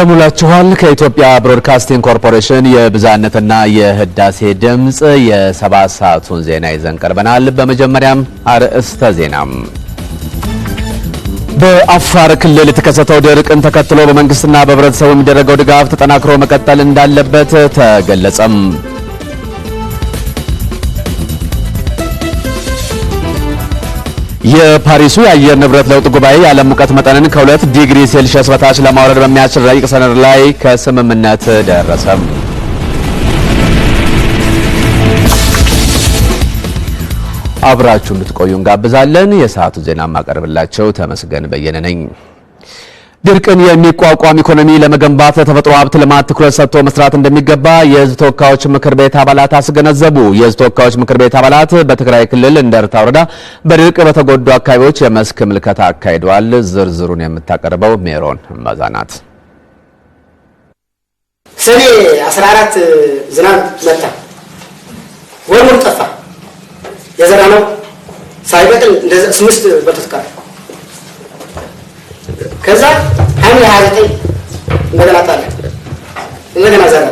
እንደሙላችኋል ከኢትዮጵያ ብሮድካስቲንግ ኮርፖሬሽን የብዛነትና የህዳሴ ድምፅ የሰባት ሰዓቱን ዜና ይዘን ቀርበናል። በመጀመሪያም አርዕስተ ዜናም በአፋር ክልል የተከሰተው ድርቅን ተከትሎ በመንግስትና በህብረተሰቡ የሚደረገው ድጋፍ ተጠናክሮ መቀጠል እንዳለበት ተገለጸም። የፓሪሱ የአየር ንብረት ለውጥ ጉባኤ የዓለም ሙቀት መጠንን ከሁለት ዲግሪ ሴልሺየስ በታች ለማውረድ በሚያስችል ረቂቅ ሰነድ ላይ ከስምምነት ደረሰም። አብራችሁ እንድትቆዩ እንጋብዛለን። የሰዓቱ ዜና ማቀርብላቸው ተመስገን በየነ ነኝ። ድርቅን የሚቋቋም ኢኮኖሚ ለመገንባት ለተፈጥሮ ሀብት ልማት ትኩረት ሰጥቶ መስራት እንደሚገባ የህዝብ ተወካዮች ምክር ቤት አባላት አስገነዘቡ። የህዝብ ተወካዮች ምክር ቤት አባላት በትግራይ ክልል እንደርታ ወረዳ በድርቅ በተጎዱ አካባቢዎች የመስክ ምልከታ አካሂደዋል። ዝርዝሩን የምታቀርበው ሜሮን መዛናት። ሰኔ 14 ዝናብ መታ፣ ወርሙር ጠፋ። የዘራ ነው ሳይበቅል ስምስት በቶት ከዛ ሐምሌ ሀያ እንደገና ጣለ እንደገና ዘራ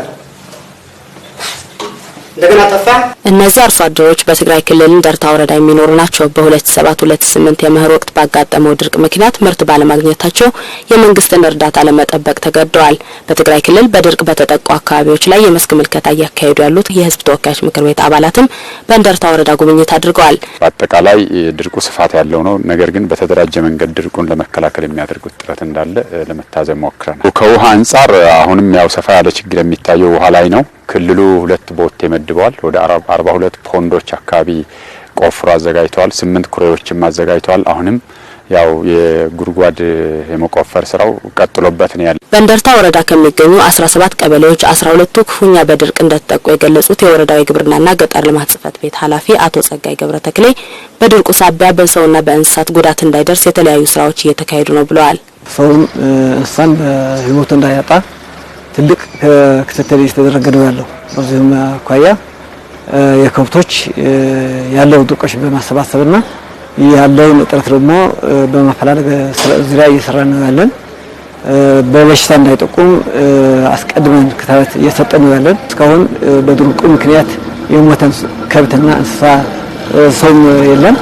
እንደገና ጠፋ እነዚህ አርሶ አደሮች በትግራይ ክልል እንደርታ ወረዳ የሚኖሩ ናቸው። በ2007 2008 የመኸር ወቅት ባጋጠመው ድርቅ ምክንያት ምርት ባለማግኘታቸው የመንግስትን እርዳታ ለመጠበቅ ተገደዋል። በትግራይ ክልል በድርቅ በተጠቁ አካባቢዎች ላይ የመስክ ምልከታ እያካሄዱ ያሉት የህዝብ ተወካዮች ምክር ቤት አባላትም በእንደርታ ወረዳ ጉብኝት አድርገዋል። በአጠቃላይ ድርቁ ስፋት ያለው ነው። ነገር ግን በተደራጀ መንገድ ድርቁን ለመከላከል የሚያደርጉት ጥረት እንዳለ ለመታዘብ ሞክረናል። ከውሃ አንጻር አሁንም ያው ሰፋ ያለ ችግር የሚታየው ውሃ ላይ ነው። ክልሉ ሁለት ቦቴ መድበዋል ወደ አርባ ሁለት ፖንዶች አካባቢ ቆፍሮ አዘጋጅተዋል። ስምንት ኩሬዎችም አዘጋጅተዋል። አሁንም ያው የጉድጓድ የመቆፈር ስራው ቀጥሎበት ነው ያለ። በእንደርታ ወረዳ ከሚገኙ ሰባት ቀበሌዎች አስራ ሁለቱ ክፉኛ በድርቅ እንደተጠቁ የገለጹት የወረዳው የግብርናና ገጠር ልማት ጽህፈት ቤት ኃላፊ አቶ ጸጋይ ገብረ ተክሌ በድርቁ ሳቢያ በሰውና በእንስሳት ጉዳት እንዳይደርስ የተለያዩ ስራዎች እየተካሄዱ ነው ብለዋል። ሰውን እንስሳን በህይወቱ እንዳያጣ ትልቅ ክትትል እየተደረገ ነው ያለው። በዚህም አኳያ የከብቶች ያለውን ጥቆች በማሰባሰብና ያለውን እጥረት ደግሞ በማፈላለግ ዙሪያ እየሰራን ነው ያለን። በበሽታ እንዳይጠቁም አስቀድመን ክትባት እየሰጠን ነው ያለን። እስካሁን በድርቁ ምክንያት የሞተን ከብትና እንስሳ ሰውም የለም።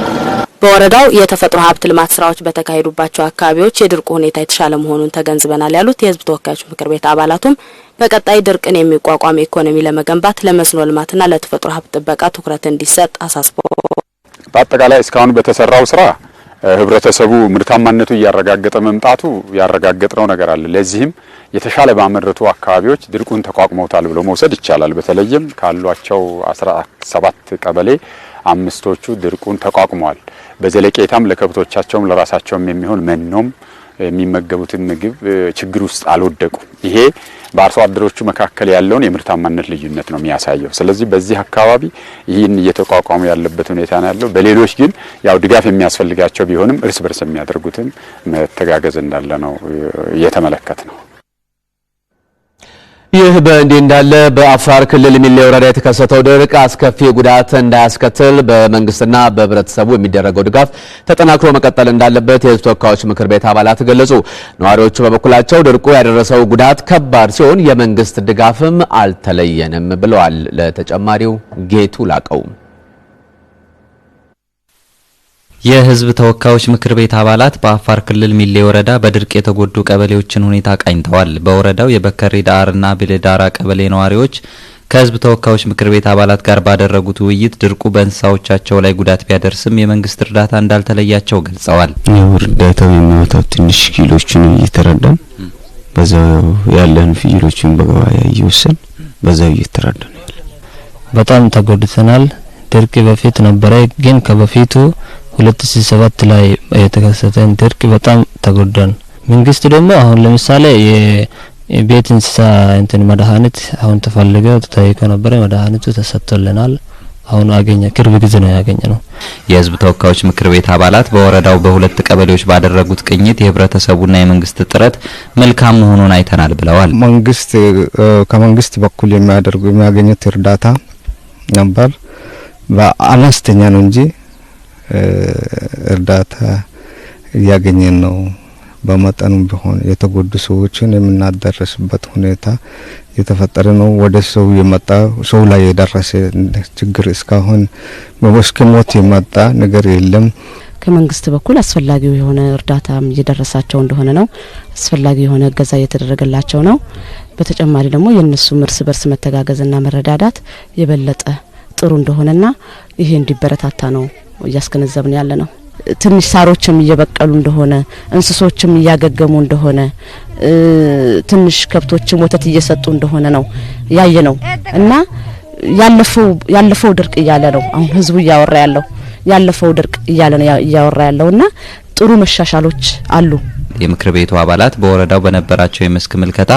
በወረዳው የተፈጥሮ ሀብት ልማት ስራዎች በተካሄዱባቸው አካባቢዎች የድርቁ ሁኔታ የተሻለ መሆኑን ተገንዝበናል ያሉት የህዝብ ተወካዮች ምክር ቤት አባላቱም በቀጣይ ድርቅን የሚቋቋም ኢኮኖሚ ለመገንባት ለመስኖ ልማትና ለተፈጥሮ ሀብት ጥበቃ ትኩረት እንዲሰጥ አሳስቦ በአጠቃላይ እስካሁን በተሰራው ስራ ህብረተሰቡ ምርታማነቱ እያረጋገጠ መምጣቱ ያረጋገጥነው ነገር አለ። ለዚህም የተሻለ ባመረቱ አካባቢዎች ድርቁን ተቋቁመውታል ብሎ መውሰድ ይቻላል። በተለይም ካሏቸው አስራ ሰባት ቀበሌ አምስቶቹ ድርቁን ተቋቁመዋል። በዘለቄታም ለከብቶቻቸውም ለራሳቸውም የሚሆን መኖም የሚመገቡትን ምግብ ችግር ውስጥ አልወደቁም። ይሄ በአርሶ አደሮቹ መካከል ያለውን የምርታማነት ልዩነት ነው የሚያሳየው። ስለዚህ በዚህ አካባቢ ይህን እየተቋቋሙ ያለበት ሁኔታ ነው ያለው። በሌሎች ግን ያው ድጋፍ የሚያስፈልጋቸው ቢሆንም እርስ በርስ የሚያደርጉትን መተጋገዝ እንዳለ ነው እየተመለከት ነው። ይህ በእንዲህ እንዳለ በአፋር ክልል ሚሌ ወረዳ የተከሰተው ድርቅ አስከፊ ጉዳት እንዳያስከትል በመንግስትና በህብረተሰቡ የሚደረገው ድጋፍ ተጠናክሮ መቀጠል እንዳለበት የህዝብ ተወካዮች ምክር ቤት አባላት ገለጹ። ነዋሪዎቹ በበኩላቸው ድርቁ ያደረሰው ጉዳት ከባድ ሲሆን የመንግስት ድጋፍም አልተለየንም ብለዋል። ለተጨማሪው ጌቱ ላቀውም የህዝብ ተወካዮች ምክር ቤት አባላት በአፋር ክልል ሚሌ ወረዳ በድርቅ የተጎዱ ቀበሌዎችን ሁኔታ ቃኝተዋል። በወረዳው የበከሪ ዳርና ቤሌዳራ ቀበሌ ነዋሪዎች ከህዝብ ተወካዮች ምክር ቤት አባላት ጋር ባደረጉት ውይይት ድርቁ በእንስሳዎቻቸው ላይ ጉዳት ቢያደርስም የመንግስት እርዳታ እንዳልተለያቸው ገልጸዋል። እርዳታው የሚመጣው ትንሽ ኪሎችን እየተረዳን በዛው ያለን ፍየሎችን በገበያ እየወሰን በዛው እየተረዳን ያለ በጣም ተጎድተናል። ድርቅ በፊት ነበረ፣ ግን ከበፊቱ ሁለት ሺ ሰባት ላይ የተከሰተን ድርቅ በጣም ተጎዳን። መንግስት ደግሞ አሁን ለምሳሌ የቤት እንስሳ እንትን መድኃኒት አሁን ተፈልገ ተጠይቆ ነበረ። መድኃኒቱ ተሰጥቶልናል። አሁን አገኘ ቅርብ ጊዜ ነው ያገኘ ነው። የህዝብ ተወካዮች ምክር ቤት አባላት በወረዳው በሁለት ቀበሌዎች ባደረጉት ቅኝት የህብረተሰቡና የመንግስት ጥረት መልካም መሆኑን አይተናል ብለዋል። መንግስት ከመንግስት በኩል የሚያደርጉ የሚያገኙት እርዳታ ነበር በአነስተኛ ነው እንጂ እርዳታ እያገኘን ነው። በመጠኑ ቢሆን የተጎዱ ሰዎችን የምናደረስበት ሁኔታ የተፈጠረ ነው። ወደ ሰው የመጣ ሰው ላይ የደረሰ ችግር እስካሁን እስከ ሞት የመጣ ነገር የለም። ከመንግስት በኩል አስፈላጊው የሆነ እርዳታም እየደረሳቸው እንደሆነ ነው። አስፈላጊ የሆነ እገዛ እየተደረገላቸው ነው። በተጨማሪ ደግሞ የእነሱም እርስ በርስ መተጋገዝና መረዳዳት የበለጠ ጥሩ እንደሆነና ይሄ እንዲበረታታ ነው እያስገነዘብን ያለ ነው። ትንሽ ሳሮችም እየበቀሉ እንደሆነ እንስሶችም እያገገሙ እንደሆነ ትንሽ ከብቶችም ወተት እየሰጡ እንደሆነ ነው ያየ ነው እና ያለፈው ያለፈው ድርቅ እያለ ነው አሁን ህዝቡ እያወራ ያለው ያለፈው ድርቅ እያለ ነው እያወራ እና ጥሩ መሻሻሎች አሉ። የምክር ቤቱ አባላት በወረዳው በነበራቸው የመስክ ምልከታ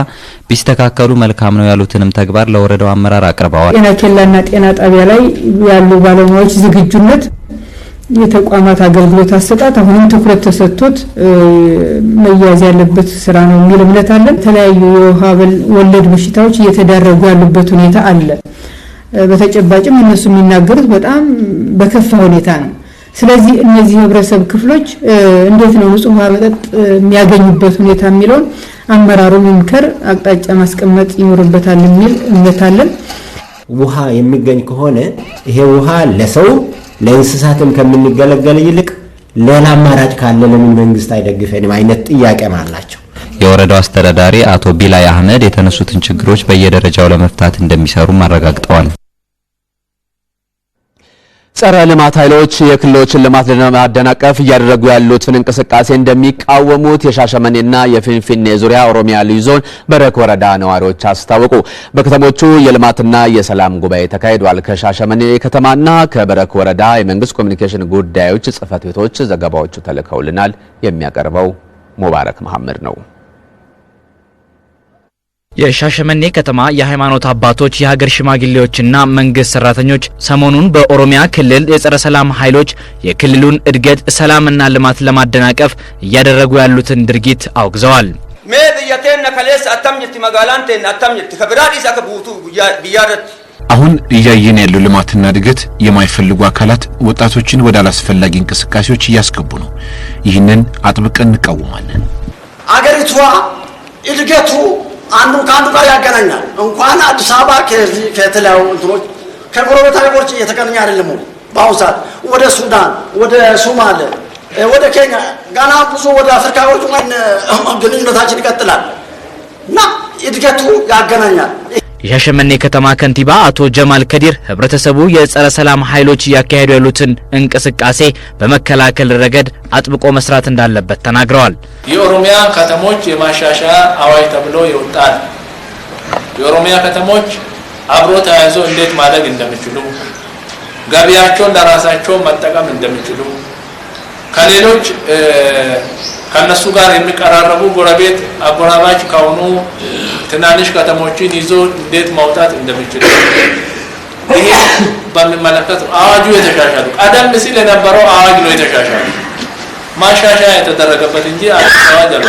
ቢስተካከሉ መልካም ነው ያሉትንም ተግባር ለወረዳው አመራር አቅርበዋል። ጤና ኬላና ጤና ጣቢያ ላይ ያሉ ባለሙያዎች ዝግጁነት፣ የተቋማት አገልግሎት አሰጣት አሁንም ትኩረት ተሰጥቶት መያዝ ያለበት ስራ ነው የሚል እምነት አለን። የተለያዩ የውሃ ወለድ በሽታዎች እየተዳረጉ ያሉበት ሁኔታ አለ። በተጨባጭም እነሱ የሚናገሩት በጣም በከፋ ሁኔታ ነው። ስለዚህ እነዚህ ህብረተሰብ ክፍሎች እንዴት ነው ንጹህ ውሃ መጠጥ የሚያገኙበት ሁኔታ የሚለውን አመራሩ መምከር፣ አቅጣጫ ማስቀመጥ ይኖርበታል የሚል እምነት አለን። ውሃ የሚገኝ ከሆነ ይሄ ውሃ ለሰው ለእንስሳትም ከምንገለገል ይልቅ ሌላ አማራጭ ካለ ለምን መንግስት አይደግፈንም አይነት ጥያቄም አላቸው። የወረዳው አስተዳዳሪ አቶ ቢላይ አህመድ የተነሱትን ችግሮች በየደረጃው ለመፍታት እንደሚሰሩም አረጋግጠዋል። ጸረ ልማት ኃይሎች የክልሎችን ልማት ለማደናቀፍ እያደረጉ ያሉትን እንቅስቃሴ እንደሚቃወሙት የሻሸመኔና የፊንፊኔ ዙሪያ ኦሮሚያ ልዩ ዞን በረክ ወረዳ ነዋሪዎች አስታወቁ። በከተሞቹ የልማትና የሰላም ጉባኤ ተካሂዷል። ከሻሸመኔ ከተማና ከበረክ ወረዳ የመንግስት ኮሚኒኬሽን ጉዳዮች ጽህፈት ቤቶች ዘገባዎቹ ተልከውልናል። የሚያቀርበው ሙባረክ መሐመድ ነው። የሻሸመኔ ከተማ የሃይማኖት አባቶች የሀገር ሽማግሌዎችና መንግስት ሰራተኞች ሰሞኑን በኦሮሚያ ክልል የጸረ ሰላም ኃይሎች የክልሉን እድገት ሰላምና ልማት ለማደናቀፍ እያደረጉ ያሉትን ድርጊት አውግዘዋል። አሁን እያየን ያለው ልማትና እድገት የማይፈልጉ አካላት ወጣቶችን ወደ አላስፈላጊ እንቅስቃሴዎች እያስገቡ ነው። ይህንን አጥብቀን እንቃወማለን። አገሪቷ እድገቱ አንዱ ከአንዱ ጋር ያገናኛል። እንኳን አዲስ አበባ ከዚህ ከተለያዩ እንትኖች ከጎረቤት ሀገሮች እየተገናኘ አይደለም። በአሁኑ ሰዓት ወደ ሱዳን፣ ወደ ሶማሌ፣ ወደ ኬንያ፣ ጋና ብዙ ወደ አፍሪካ አፍሪካዎች ግንኙነታችን ይቀጥላል እና እድገቱ ያገናኛል። የሻሸመኔ ከተማ ከንቲባ አቶ ጀማል ከዲር ህብረተሰቡ የጸረ ሰላም ኃይሎች እያካሄዱ ያሉትን እንቅስቃሴ በመከላከል ረገድ አጥብቆ መስራት እንዳለበት ተናግረዋል። የኦሮሚያ ከተሞች የማሻሻያ አዋጅ ተብሎ ይወጣል። የኦሮሚያ ከተሞች አብሮ ተያይዞ እንዴት ማደግ እንደሚችሉ፣ ገቢያቸውን ለራሳቸው መጠቀም እንደሚችሉ ከሌሎች ከነሱ ጋር የሚቀራረቡ ጎረቤት አጎራባች ከሆኑ ትናንሽ ከተሞችን ይዞ እንዴት ማውጣት እንደሚችል ይህ በሚመለከት አዋጁ የተሻሻሉ ቀደም ሲል የነበረው አዋጅ ነው የተሻሻሉ ማሻሻያ የተደረገበት እንጂ አዲስ አዋጅ አለ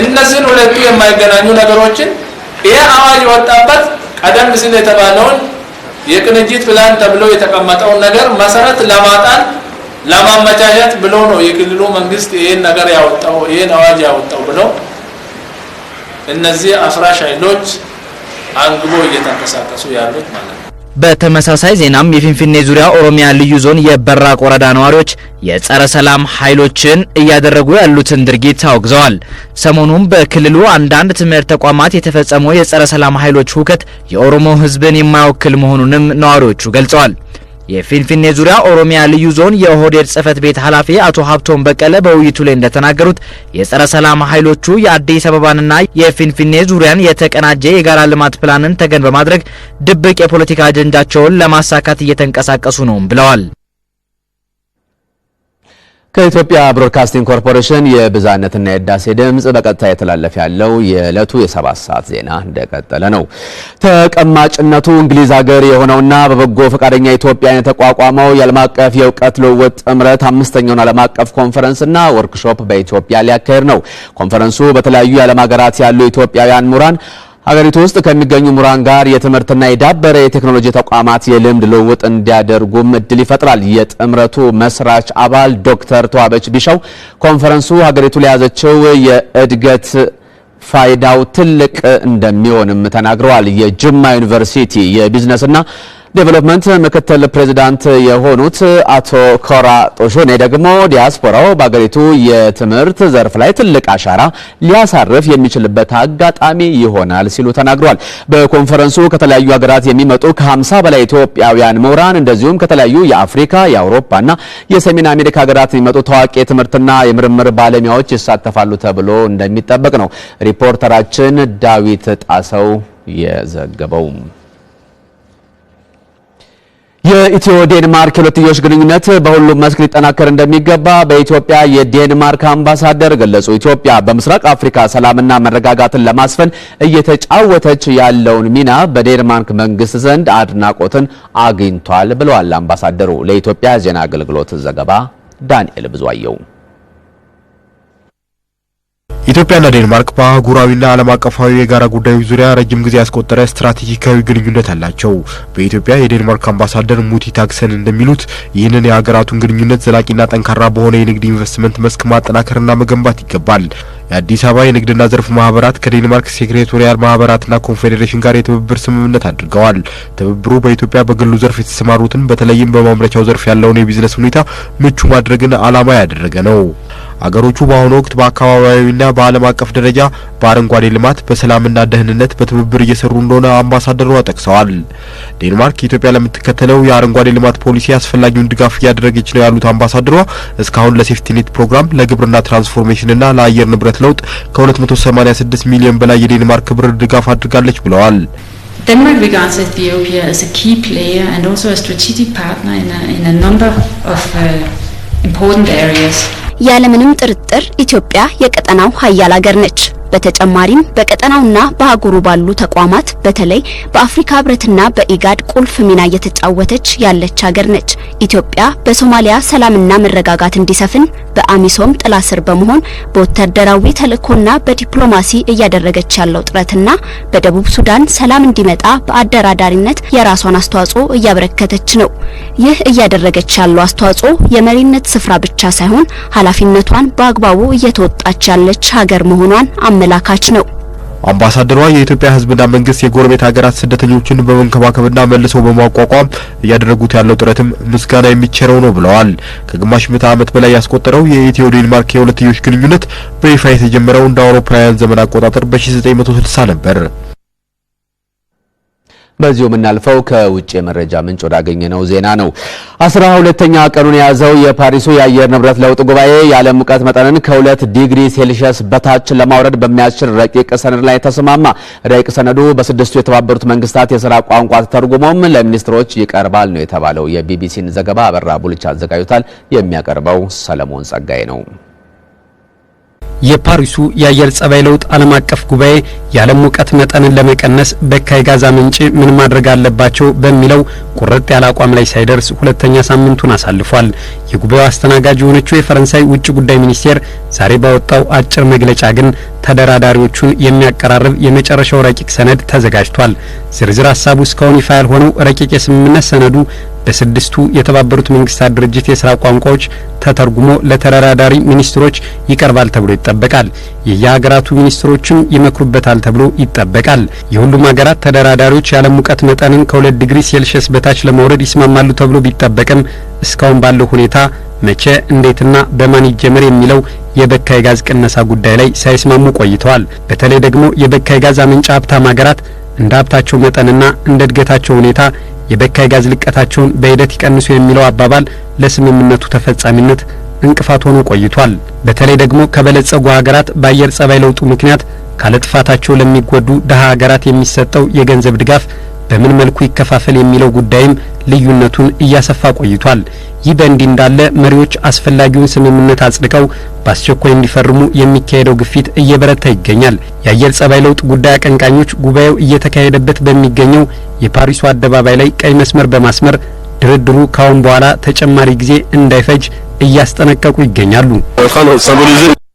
እነዚህን ሁለቱ የማይገናኙ ነገሮችን ይህ አዋጅ የወጣበት ቀደም ሲል የተባለውን የቅንጅት ፕላን ተብሎ የተቀመጠውን ነገር መሰረት ለማጣን ለማመቻቸት ብሎ ነው የክልሉ መንግስት ይህን ነገር ያወጣው ይህን አዋጅ ያወጣው ብለው እነዚህ አፍራሽ ኃይሎች አንግቦ እየተንቀሳቀሱ ያሉት ማለት ነው። በተመሳሳይ ዜናም የፊንፊኔ ዙሪያ ኦሮሚያ ልዩ ዞን የበራቅ ወረዳ ነዋሪዎች የጸረ ሰላም ኃይሎችን እያደረጉ ያሉትን ድርጊት አውግዘዋል። ሰሞኑም በክልሉ አንዳንድ ትምህርት ተቋማት የተፈጸመው የጸረ ሰላም ኃይሎች ሁከት የኦሮሞ ሕዝብን የማይወክል መሆኑንም ነዋሪዎቹ ገልጸዋል። የፊንፊኔ ዙሪያ ኦሮሚያ ልዩ ዞን የኦህዴድ ጽህፈት ቤት ኃላፊ አቶ ሀብቶን በቀለ በውይይቱ ላይ እንደተናገሩት የጸረ ሰላም ኃይሎቹ የአዲስ አበባንና የፊንፊኔ ዙሪያን የተቀናጀ የጋራ ልማት ፕላንን ተገን በማድረግ ድብቅ የፖለቲካ አጀንዳቸውን ለማሳካት እየተንቀሳቀሱ ነው ብለዋል። ከኢትዮጵያ ብሮድካስቲንግ ኮርፖሬሽን የብዛነትና የዳሴ ድምፅ በቀጥታ የተላለፈ ያለው የዕለቱ የሰባት ሰዓት ዜና እንደቀጠለ ነው። ተቀማጭነቱ እንግሊዝ ሀገር የሆነውና በበጎ ፈቃደኛ ኢትዮጵያን የተቋቋመው የዓለም አቀፍ የእውቀት ልውውጥ ጥምረት አምስተኛውን ዓለም አቀፍ ኮንፈረንስና ወርክሾፕ በኢትዮጵያ ሊያካሄድ ነው። ኮንፈረንሱ በተለያዩ የዓለም ሀገራት ያሉ ኢትዮጵያውያን ምሁራን ሀገሪቱ ውስጥ ከሚገኙ ምሁራን ጋር የትምህርትና የዳበረ የቴክኖሎጂ ተቋማት የልምድ ልውውጥ እንዲያደርጉም እድል ይፈጥራል። የጥምረቱ መስራች አባል ዶክተር ተዋበች ቢሻው ኮንፈረንሱ ሀገሪቱ ለያዘችው የእድገት ፋይዳው ትልቅ እንደሚሆንም ተናግረዋል። የጅማ ዩኒቨርሲቲ የቢዝነስና ዴቨሎፕመንት ምክትል ፕሬዚዳንት የሆኑት አቶ ኮራ ጦሾኔ ደግሞ ዲያስፖራው በአገሪቱ የትምህርት ዘርፍ ላይ ትልቅ አሻራ ሊያሳርፍ የሚችልበት አጋጣሚ ይሆናል ሲሉ ተናግሯል። በኮንፈረንሱ ከተለያዩ ሀገራት የሚመጡ ከ50 በላይ ኢትዮጵያውያን ምሁራን እንደዚሁም ከተለያዩ የአፍሪካ የአውሮፓና የሰሜን አሜሪካ ሀገራት የሚመጡ ታዋቂ የትምህርትና የምርምር ባለሙያዎች ይሳተፋሉ ተብሎ እንደሚጠበቅ ነው ሪፖርተራችን ዳዊት ጣሰው የዘገበው። የኢትዮ ዴንማርክ የሁለትዮሽ ግንኙነት በሁሉም መስክ ሊጠናከር እንደሚገባ በኢትዮጵያ የዴንማርክ አምባሳደር ገለጹ። ኢትዮጵያ በምስራቅ አፍሪካ ሰላምና መረጋጋትን ለማስፈን እየተጫወተች ያለውን ሚና በዴንማርክ መንግስት ዘንድ አድናቆትን አግኝቷል ብለዋል አምባሳደሩ። ለኢትዮጵያ ዜና አገልግሎት ዘገባ ዳንኤል ብዙአየው ኢትዮጵያና ዴንማርክ በአህጉራዊና ዓለም አቀፋዊ የጋራ ጉዳዮች ዙሪያ ረጅም ጊዜ ያስቆጠረ ስትራቴጂካዊ ግንኙነት አላቸው። በኢትዮጵያ የዴንማርክ አምባሳደር ሙቲ ታክሰን እንደሚሉት ይህንን የሀገራቱን ግንኙነት ዘላቂና ጠንካራ በሆነ የንግድ ኢንቨስትመንት መስክ ማጠናከርና መገንባት ይገባል። የአዲስ አበባ የንግድና ዘርፍ ማህበራት ከዴንማርክ ሴክሬቶሪያል ማህበራትና ኮንፌዴሬሽን ጋር የትብብር ስምምነት አድርገዋል። ትብብሩ በኢትዮጵያ በግሉ ዘርፍ የተሰማሩትን በተለይም በማምረቻው ዘርፍ ያለውን የቢዝነስ ሁኔታ ምቹ ማድረግን ዓላማ ያደረገ ነው። አገሮቹ በአሁኑ ወቅት በአካባቢያዊና በዓለም አቀፍ ደረጃ በአረንጓዴ ልማት፣ በሰላምና ደህንነት በትብብር እየሰሩ እንደሆነ አምባሳደሯ ጠቅሰዋል። ዴንማርክ ኢትዮጵያ ለምትከተለው የአረንጓዴ ልማት ፖሊሲ አስፈላጊውን ድጋፍ እያደረገች ነው ያሉት አምባሳደሯ እስካሁን ለሴፍቲኔት ፕሮግራም ለግብርና ትራንስፎርሜሽንና ለአየር ንብረት ለውጥ ከ286 ሚሊዮን በላይ የዴንማርክ ብር ድጋፍ አድርጋለች ብለዋል። Denmark regards Ethiopia as a key player and also a strategic partner in a, in a number of uh, important areas. ያለምንም ጥርጥር ኢትዮጵያ የቀጠናው ሀያል ሀገር ነች። በተጨማሪም በቀጠናውና በአህጉሩ ባሉ ተቋማት በተለይ በአፍሪካ ህብረትና በኢጋድ ቁልፍ ሚና እየተጫወተች ያለች ሀገር ነች። ኢትዮጵያ በሶማሊያ ሰላምና መረጋጋት እንዲሰፍን በአሚሶም ጥላ ስር በመሆን በወታደራዊ ተልእኮና በዲፕሎማሲ እያደረገች ያለው ጥረትና በደቡብ ሱዳን ሰላም እንዲመጣ በአደራዳሪነት የራሷን አስተዋጽኦ እያበረከተች ነው። ይህ እያደረገች ያለው አስተዋጽኦ የመሪነት ስፍራ ብቻ ሳይሆን ኃላፊነቷን በአግባቡ እየተወጣች ያለች ሀገር መሆኗን አመላካች ነው። አምባሳደሯ የኢትዮጵያ ሕዝብና መንግስት የጎረቤት ሀገራት ስደተኞችን በመንከባከብና መልሶ በማቋቋም እያደረጉት ያለው ጥረትም ምስጋና የሚቸረው ነው ብለዋል። ከግማሽ ምዕተ ዓመት በላይ ያስቆጠረው የኢትዮ ዴንማርክ የሁለትዮሽ ግንኙነት በይፋ የተጀመረው እንደ አውሮፓውያን ዘመን አቆጣጠር በ1960 ነበር። በዚሁ የምናልፈው ከውጭ የመረጃ ምንጭ ወዳገኘነው ዜና ነው። አስራ ሁለተኛ ቀኑን የያዘው የፓሪሱ የአየር ንብረት ለውጥ ጉባኤ የዓለም ሙቀት መጠንን ከሁለት ዲግሪ ሴልሺየስ በታች ለማውረድ በሚያስችል ረቂቅ ሰነድ ላይ ተስማማ። ረቂቅ ሰነዱ በስድስቱ የተባበሩት መንግስታት የስራ ቋንቋ ተተርጉሞም ለሚኒስትሮች ይቀርባል ነው የተባለው። የቢቢሲን ዘገባ አበራ ቡልቻ አዘጋጅቷል። የሚያቀርበው ሰለሞን ጸጋይ ነው። የፓሪሱ የአየር ጸባይ ለውጥ ዓለም አቀፍ ጉባኤ የዓለም ሙቀት መጠንን ለመቀነስ በካይ ጋዛ ምንጭ ምን ማድረግ አለባቸው በሚለው ቁርጥ ያለ አቋም ላይ ሳይደርስ ሁለተኛ ሳምንቱን አሳልፏል። የጉባኤው አስተናጋጅ የሆነችው የፈረንሳይ ውጭ ጉዳይ ሚኒስቴር ዛሬ ባወጣው አጭር መግለጫ ግን ተደራዳሪዎቹን የሚያቀራርብ የመጨረሻው ረቂቅ ሰነድ ተዘጋጅቷል። ዝርዝር ሀሳቡ እስካሁን ይፋ ያልሆነው ረቂቅ የስምምነት ሰነዱ በስድስቱ የተባበሩት መንግስታት ድርጅት የስራ ቋንቋዎች ተተርጉሞ ለተደራዳሪ ሚኒስትሮች ይቀርባል ተብሎ ይጠበቃል። የየሀገራቱ ሚኒስትሮችም ይመክሩበታል ተብሎ ይጠበቃል። የሁሉም ሀገራት ተደራዳሪዎች የዓለም ሙቀት መጠንን ከሁለት ዲግሪ ሴልሽስ በታች ለማውረድ ይስማማሉ ተብሎ ቢጠበቅም እስካሁን ባለው ሁኔታ መቼ እንዴትና በማን ይጀመር የሚለው የበካይ ጋዝ ቅነሳ ጉዳይ ላይ ሳይስማሙ ቆይተዋል። በተለይ ደግሞ የበካይ ጋዝ አመንጫ ሀብታም ሀገራት እንደ ሀብታቸው መጠንና እንደ እድገታቸው ሁኔታ የበካይ ጋዝ ልቀታቸውን በሂደት ይቀንሱ የሚለው አባባል ለስምምነቱ ተፈጻሚነት እንቅፋት ሆኖ ቆይቷል። በተለይ ደግሞ ከበለጸጉ ሀገራት በአየር ጸባይ ለውጡ ምክንያት ካለጥፋታቸው ለሚጎዱ ደሀ ሀገራት የሚሰጠው የገንዘብ ድጋፍ በምን መልኩ ይከፋፈል የሚለው ጉዳይም ልዩነቱን እያሰፋ ቆይቷል። ይህ በእንዲህ እንዳለ መሪዎች አስፈላጊውን ስምምነት አጽድቀው በአስቸኳይ እንዲፈርሙ የሚካሄደው ግፊት እየበረታ ይገኛል። የአየር ጸባይ ለውጥ ጉዳይ አቀንቃኞች ጉባኤው እየተካሄደበት በሚገኘው የፓሪሱ አደባባይ ላይ ቀይ መስመር በማስመር ድርድሩ ካሁን በኋላ ተጨማሪ ጊዜ እንዳይፈጅ እያስጠነቀቁ ይገኛሉ።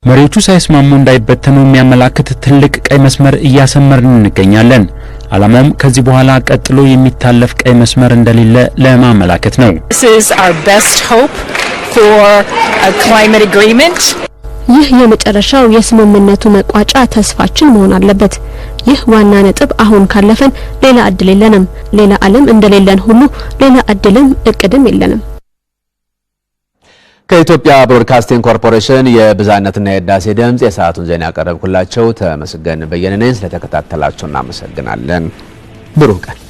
መሪዎቹ ሳይስማሙ እንዳይበተኑ የሚያመላክት ትልቅ ቀይ መስመር እያሰመርን እንገኛለን። ዓላማውም ከዚህ በኋላ ቀጥሎ የሚታለፍ ቀይ መስመር እንደሌለ ለማመላከት ነው። ይህ የመጨረሻው የስምምነቱ መቋጫ ተስፋችን መሆን አለበት። ይህ ዋና ነጥብ አሁን ካለፈን ሌላ እድል የለንም። ሌላ ዓለም እንደሌለን ሁሉ ሌላ እድልም እቅድም የለንም። ከኢትዮጵያ ብሮድካስቲንግ ኮርፖሬሽን የብዛነትና የህዳሴ ድምፅ የሰዓቱን ዜና ያቀረብኩላቸው ተመስገን በየነ ነኝ። ስለተከታተላችሁ እናመሰግናለን። ብሩህ ቀን